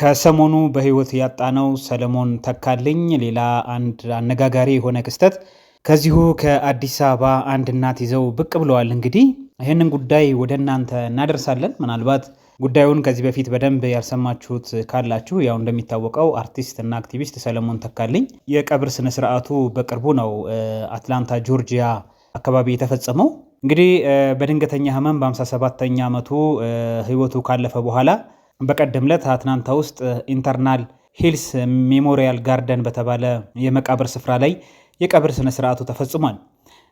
ከሰሞኑ በህይወት ያጣነው ሰለሞን ተካልኝ ሌላ አንድ አነጋጋሪ የሆነ ክስተት ከዚሁ ከአዲስ አበባ አንድ እናት ይዘው ብቅ ብለዋል። እንግዲህ ይህንን ጉዳይ ወደ እናንተ እናደርሳለን። ምናልባት ጉዳዩን ከዚህ በፊት በደንብ ያልሰማችሁት ካላችሁ ያው እንደሚታወቀው አርቲስት እና አክቲቪስት ሰለሞን ተካልኝ የቀብር ስነስርዓቱ በቅርቡ ነው አትላንታ ጆርጂያ አካባቢ የተፈጸመው። እንግዲህ በድንገተኛ ህመም በ57ኛ ዓመቱ ህይወቱ ካለፈ በኋላ በቀደም ዕለት አትላንታ ውስጥ ኢንተርናል ሂልስ ሜሞሪያል ጋርደን በተባለ የመቃብር ስፍራ ላይ የቀብር ስነስርዓቱ ተፈጽሟል።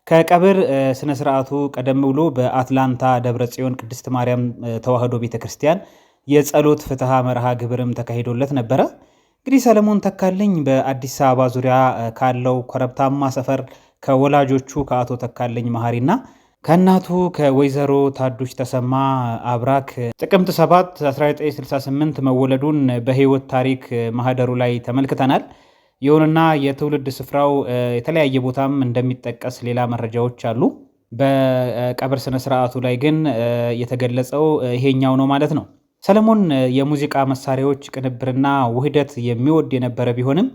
ከቀብር ስነስርዓቱ ቀደም ብሎ በአትላንታ ደብረ ጽዮን ቅድስት ማርያም ተዋህዶ ቤተ ክርስቲያን የጸሎት ፍትሃ መርሃ ግብርም ተካሂዶለት ነበረ። እንግዲህ ሰለሞን ተካልኝ በአዲስ አበባ ዙሪያ ካለው ኮረብታማ ሰፈር ከወላጆቹ ከአቶ ተካልኝ መሀሪና ከእናቱ ከወይዘሮ ታዱሽ ተሰማ አብራክ ጥቅምት 7 1968 መወለዱን በህይወት ታሪክ ማህደሩ ላይ ተመልክተናል። ይሁንና የትውልድ ስፍራው የተለያየ ቦታም እንደሚጠቀስ ሌላ መረጃዎች አሉ። በቀብር ስነ ስርዓቱ ላይ ግን የተገለጸው ይሄኛው ነው ማለት ነው። ሰለሞን የሙዚቃ መሳሪያዎች ቅንብርና ውህደት የሚወድ የነበረ ቢሆንም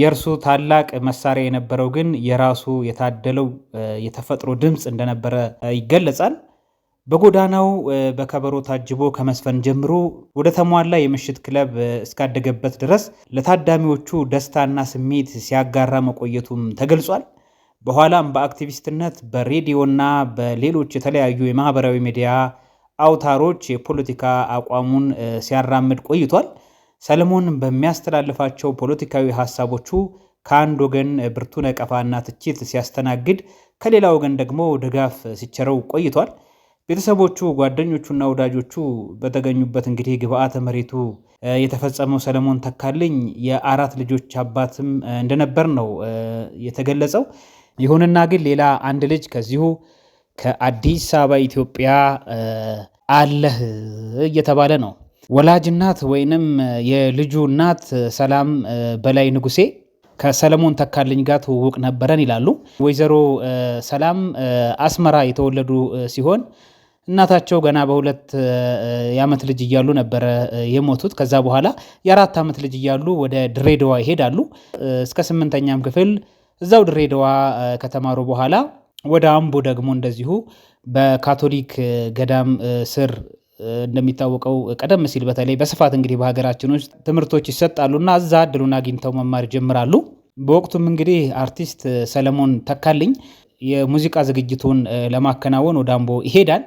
የእርሱ ታላቅ መሳሪያ የነበረው ግን የራሱ የታደለው የተፈጥሮ ድምፅ እንደነበረ ይገለጻል። በጎዳናው በከበሮ ታጅቦ ከመስፈን ጀምሮ ወደ ተሟላ የምሽት ክለብ እስካደገበት ድረስ ለታዳሚዎቹ ደስታና ስሜት ሲያጋራ መቆየቱም ተገልጿል። በኋላም በአክቲቪስትነት በሬዲዮና በሌሎች የተለያዩ የማህበራዊ ሚዲያ አውታሮች የፖለቲካ አቋሙን ሲያራምድ ቆይቷል። ሰለሞን በሚያስተላልፋቸው ፖለቲካዊ ሐሳቦቹ ከአንድ ወገን ብርቱ ነቀፋና ትችት ሲያስተናግድ፣ ከሌላ ወገን ደግሞ ድጋፍ ሲቸረው ቆይቷል። ቤተሰቦቹ ጓደኞቹና ወዳጆቹ በተገኙበት እንግዲህ ግብአተ መሬቱ የተፈጸመው ሰለሞን ተካልኝ የአራት ልጆች አባትም እንደነበር ነው የተገለጸው። ይሁንና ግን ሌላ አንድ ልጅ ከዚሁ ከአዲስ አበባ ኢትዮጵያ አለህ እየተባለ ነው። ወላጅ እናት ወይንም የልጁ እናት ሰላም በላይ ንጉሴ ከሰለሞን ተካልኝ ጋር ትውውቅ ነበረን ይላሉ። ወይዘሮ ሰላም አስመራ የተወለዱ ሲሆን እናታቸው ገና በሁለት የዓመት ልጅ እያሉ ነበረ የሞቱት። ከዛ በኋላ የአራት ዓመት ልጅ እያሉ ወደ ድሬዳዋ ይሄዳሉ። እስከ ስምንተኛም ክፍል እዛው ድሬዳዋ ከተማሩ በኋላ ወደ አምቦ ደግሞ እንደዚሁ በካቶሊክ ገዳም ስር እንደሚታወቀው ቀደም ሲል በተለይ በስፋት እንግዲህ በሀገራችን ውስጥ ትምህርቶች ይሰጣሉና እዛ እድሉን አግኝተው መማር ይጀምራሉ። በወቅቱም እንግዲህ አርቲስት ሰለሞን ተካልኝ የሙዚቃ ዝግጅቱን ለማከናወን ወደ አምቦ ይሄዳል።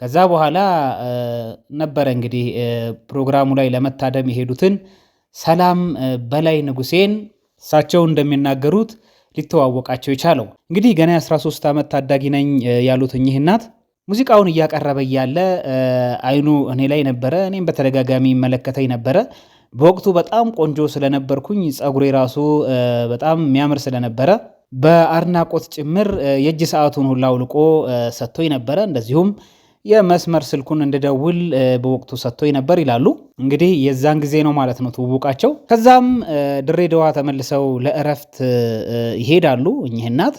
ከዛ በኋላ ነበረ እንግዲህ ፕሮግራሙ ላይ ለመታደም የሄዱትን ሰላም በላይ ንጉሴን እሳቸው እንደሚናገሩት ሊተዋወቃቸው የቻለው እንግዲህ ገና የ13 ዓመት ታዳጊ ነኝ ያሉት እኚህ እናት ሙዚቃውን እያቀረበ እያለ አይኑ እኔ ላይ ነበረ። እኔም በተደጋጋሚ ይመለከተኝ ነበረ። በወቅቱ በጣም ቆንጆ ስለነበርኩኝ ጸጉሬ ራሱ በጣም የሚያምር ስለነበረ በአድናቆት ጭምር የእጅ ሰዓቱን ሁላ አውልቆ ሰጥቶኝ ነበረ። እንደዚሁም የመስመር ስልኩን እንድደውል በወቅቱ ሰጥቶኝ ነበር ይላሉ። እንግዲህ የዛን ጊዜ ነው ማለት ነው ትውውቃቸው። ከዛም ድሬዳዋ ተመልሰው ለእረፍት ይሄዳሉ እኚህ እናት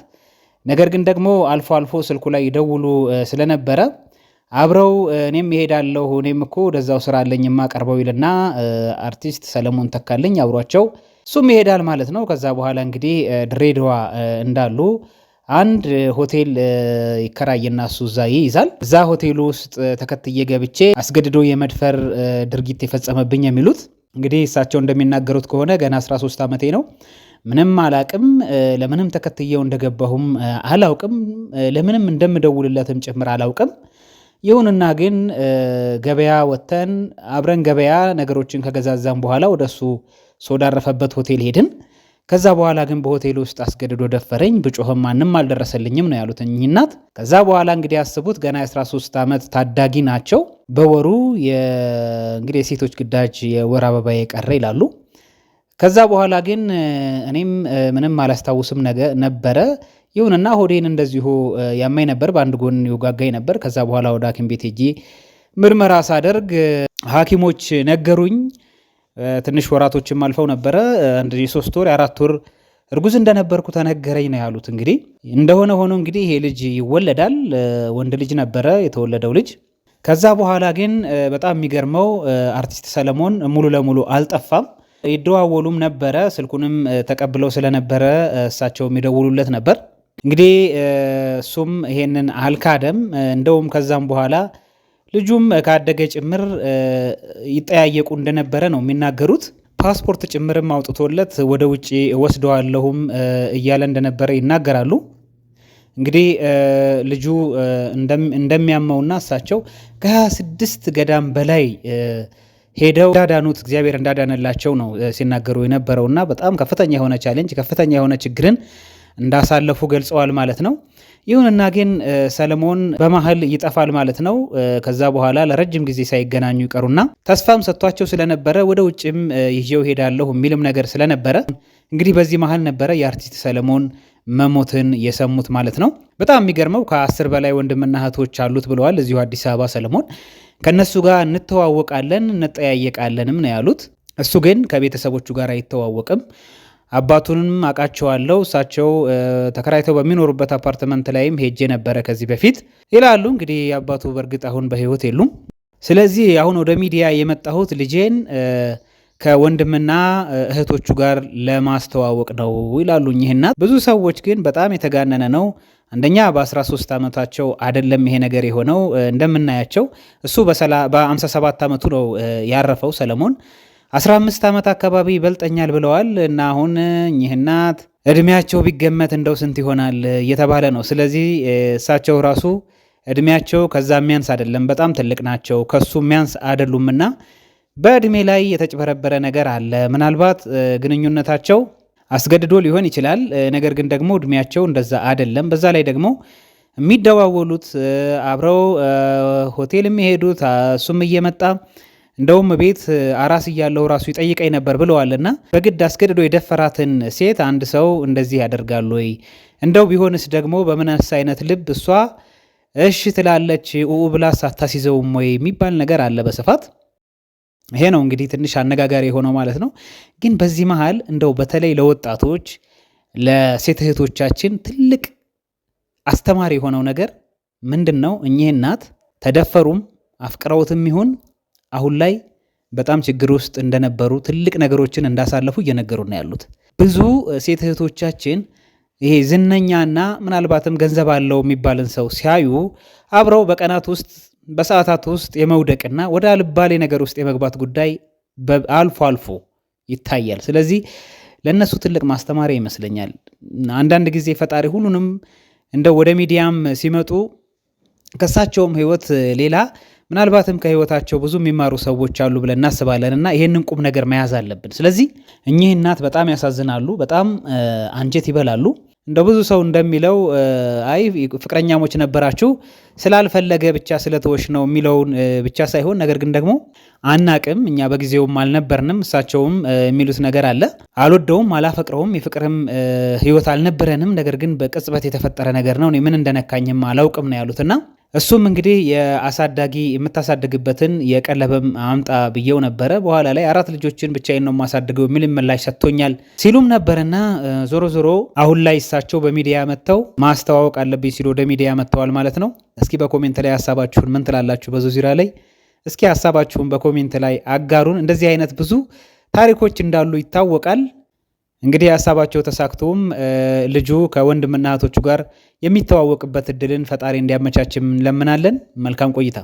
ነገር ግን ደግሞ አልፎ አልፎ ስልኩ ላይ ይደውሉ ስለነበረ አብረው እኔም ይሄዳለሁ እኔም እኮ ወደዛው ስራ አለኝ የማቀርበው ይልና አርቲስት ሰለሞን ተካልኝ አብሯቸው እሱም ይሄዳል ማለት ነው። ከዛ በኋላ እንግዲህ ድሬዳዋ እንዳሉ አንድ ሆቴል ይከራይና እሱ እዛ ይይዛል። እዛ ሆቴሉ ውስጥ ተከትዬ ገብቼ አስገድዶ የመድፈር ድርጊት የፈጸመብኝ የሚሉት እንግዲህ እሳቸው እንደሚናገሩት ከሆነ ገና 13 ዓመቴ ነው ምንም አላቅም ለምንም ተከትየው እንደገባሁም አላውቅም ለምንም እንደምደውልለትም ጭምር አላውቅም። ይሁንና ግን ገበያ ወጥተን አብረን ገበያ ነገሮችን ከገዛዛም በኋላ ወደ ሶዳረፈበት ሆቴል ሄድን። ከዛ በኋላ ግን በሆቴል ውስጥ አስገድዶ ደፈረኝ። ብጮህም ማንም አልደረሰልኝም ነው ያሉት እኚህ እናት። ከዛ በኋላ እንግዲህ ያስቡት ገና የ13 ዓመት ታዳጊ ናቸው። በወሩ እንግዲህ የሴቶች ግዳጅ የወር አበባ የቀረ ይላሉ። ከዛ በኋላ ግን እኔም ምንም አላስታውስም ነበረ ይሁንና ሆዴን እንደዚሁ ያማኝ ነበር፣ በአንድ ጎን ይወጋጋኝ ነበር። ከዛ በኋላ ወደ ሐኪም ቤት ሄጄ ምርመራ ሳደርግ ሐኪሞች ነገሩኝ። ትንሽ ወራቶችም አልፈው ነበረ። አንድ የሶስት ወር የአራት ወር እርጉዝ እንደነበርኩ ተነገረኝ ነው ያሉት። እንግዲህ እንደሆነ ሆኖ እንግዲህ ይሄ ልጅ ይወለዳል። ወንድ ልጅ ነበረ የተወለደው ልጅ። ከዛ በኋላ ግን በጣም የሚገርመው አርቲስት ሰለሞን ሙሉ ለሙሉ አልጠፋም። ይደዋወሉም ነበረ። ስልኩንም ተቀብለው ስለነበረ እሳቸው የሚደውሉለት ነበር። እንግዲህ እሱም ይሄንን አልካደም። እንደውም ከዛም በኋላ ልጁም ካደገ ጭምር ይጠያየቁ እንደነበረ ነው የሚናገሩት። ፓስፖርት ጭምርም አውጥቶለት ወደ ውጭ ወስደዋለሁም እያለ እንደነበረ ይናገራሉ። እንግዲህ ልጁ እንደሚያመውና እሳቸው ከ26 ገዳም በላይ ሄደው እንዳዳኑት እግዚአብሔር እንዳዳነላቸው ነው ሲናገሩ እና በጣም ከፍተኛ የሆነ ቻሌንጅ ከፍተኛ የሆነ ችግርን እንዳሳለፉ ገልጸዋል ማለት ነው። ይሁንና ግን ሰለሞን በመሀል ይጠፋል ማለት ነው። ከዛ በኋላ ለረጅም ጊዜ ሳይገናኙ ይቀሩና ተስፋም ሰጥቷቸው ስለነበረ ወደ ውጭም ይዤው ሄዳለሁ የሚልም ነገር ስለነበረ እንግዲህ በዚህ መሀል ነበረ የአርቲስት ሰለሞን መሞትን የሰሙት ማለት ነው። በጣም የሚገርመው ከአስር በላይ ወንድምና እህቶች አሉት ብለዋል። እዚሁ አዲስ አበባ ሰለሞን ከእነሱ ጋር እንተዋወቃለን እንጠያየቃለንም ነው ያሉት። እሱ ግን ከቤተሰቦቹ ጋር አይተዋወቅም። አባቱንም አውቃቸዋለሁ እሳቸው ተከራይተው በሚኖሩበት አፓርትመንት ላይም ሄጄ ነበረ ከዚህ በፊት ይላሉ። እንግዲህ አባቱ በእርግጥ አሁን በህይወት የሉም። ስለዚህ አሁን ወደ ሚዲያ የመጣሁት ልጄን ከወንድምና እህቶቹ ጋር ለማስተዋወቅ ነው ይላሉ እኚህ እናት። ብዙ ሰዎች ግን በጣም የተጋነነ ነው አንደኛ በ13 ዓመታቸው አይደለም ይሄ ነገር የሆነው እንደምናያቸው እሱ በ57 ዓመቱ ነው ያረፈው ሰለሞን 15 ዓመት አካባቢ ይበልጠኛል ብለዋል እና አሁን እኚህ እናት እድሜያቸው ቢገመት እንደው ስንት ይሆናል እየተባለ ነው ስለዚህ እሳቸው ራሱ እድሜያቸው ከዛ የሚያንስ አይደለም በጣም ትልቅ ናቸው ከሱ የሚያንስ አደሉምና በእድሜ ላይ የተጭበረበረ ነገር አለ ምናልባት ግንኙነታቸው አስገድዶ ሊሆን ይችላል። ነገር ግን ደግሞ እድሜያቸው እንደዛ አደለም። በዛ ላይ ደግሞ የሚደዋወሉት አብረው ሆቴል የሚሄዱት እሱም እየመጣ እንደውም ቤት አራስ እያለው ራሱ ይጠይቀኝ ነበር ብለዋልና በግድ አስገድዶ የደፈራትን ሴት አንድ ሰው እንደዚህ ያደርጋሉ ወይ? እንደው ቢሆንስ ደግሞ በምንስ አይነት ልብ እሷ እሺ ትላለች? ኡኡ ብላ ሳታሲዘውም ወይ የሚባል ነገር አለ በስፋት ይሄ ነው እንግዲህ ትንሽ አነጋጋሪ የሆነው ማለት ነው። ግን በዚህ መሀል እንደው በተለይ ለወጣቶች ለሴት እህቶቻችን ትልቅ አስተማሪ የሆነው ነገር ምንድን ነው? እኚህ እናት ተደፈሩም አፍቅረውትም ይሁን አሁን ላይ በጣም ችግር ውስጥ እንደነበሩ ትልቅ ነገሮችን እንዳሳለፉ እየነገሩ ነው ያሉት። ብዙ ሴት እህቶቻችን ይሄ ዝነኛና ምናልባትም ገንዘብ አለው የሚባልን ሰው ሲያዩ አብረው በቀናት ውስጥ በሰዓታት ውስጥ የመውደቅና ወደ አልባሌ ነገር ውስጥ የመግባት ጉዳይ አልፎ አልፎ ይታያል። ስለዚህ ለእነሱ ትልቅ ማስተማሪያ ይመስለኛል። አንዳንድ ጊዜ ፈጣሪ ሁሉንም እንደው ወደ ሚዲያም ሲመጡ ከሳቸውም ህይወት ሌላ ምናልባትም ከህይወታቸው ብዙ የሚማሩ ሰዎች አሉ ብለን እናስባለን እና ይህንን ቁም ነገር መያዝ አለብን። ስለዚህ እኚህ እናት በጣም ያሳዝናሉ፣ በጣም አንጀት ይበላሉ። እንደ ብዙ ሰው እንደሚለው አይ ፍቅረኛሞች ነበራችሁ ስላልፈለገ ብቻ ስለተወሽ ነው የሚለውን ብቻ ሳይሆን ነገር ግን ደግሞ አናቅም፣ እኛ በጊዜውም አልነበርንም፣ እሳቸውም የሚሉት ነገር አለ። አልወደውም፣ አላፈቅረውም፣ የፍቅርም ህይወት አልነበረንም፣ ነገር ግን በቅጽበት የተፈጠረ ነገር ነው፣ ምን እንደነካኝም አላውቅም ነው ያሉትና እሱም እንግዲህ የአሳዳጊ የምታሳድግበትን የቀለበም አምጣ ብየው ነበረ። በኋላ ላይ አራት ልጆችን ብቻዬን ነው የማሳድገው የሚል ምላሽ ሰጥቶኛል ሲሉም ነበርና ዞሮ ዞሮ አሁን ላይ እሳቸው በሚዲያ መጥተው ማስተዋወቅ አለብኝ ሲሉ ወደ ሚዲያ መጥተዋል ማለት ነው። እስኪ በኮሜንት ላይ ሀሳባችሁን ምን ትላላችሁ? በዙ ዚራ ላይ እስኪ ሀሳባችሁን በኮሜንት ላይ አጋሩን። እንደዚህ አይነት ብዙ ታሪኮች እንዳሉ ይታወቃል። እንግዲህ ሀሳባቸው ተሳክቶም ልጁ ከወንድምና እህቶቹ ጋር የሚተዋወቅበት እድልን ፈጣሪ እንዲያመቻችም እንለምናለን። መልካም ቆይታ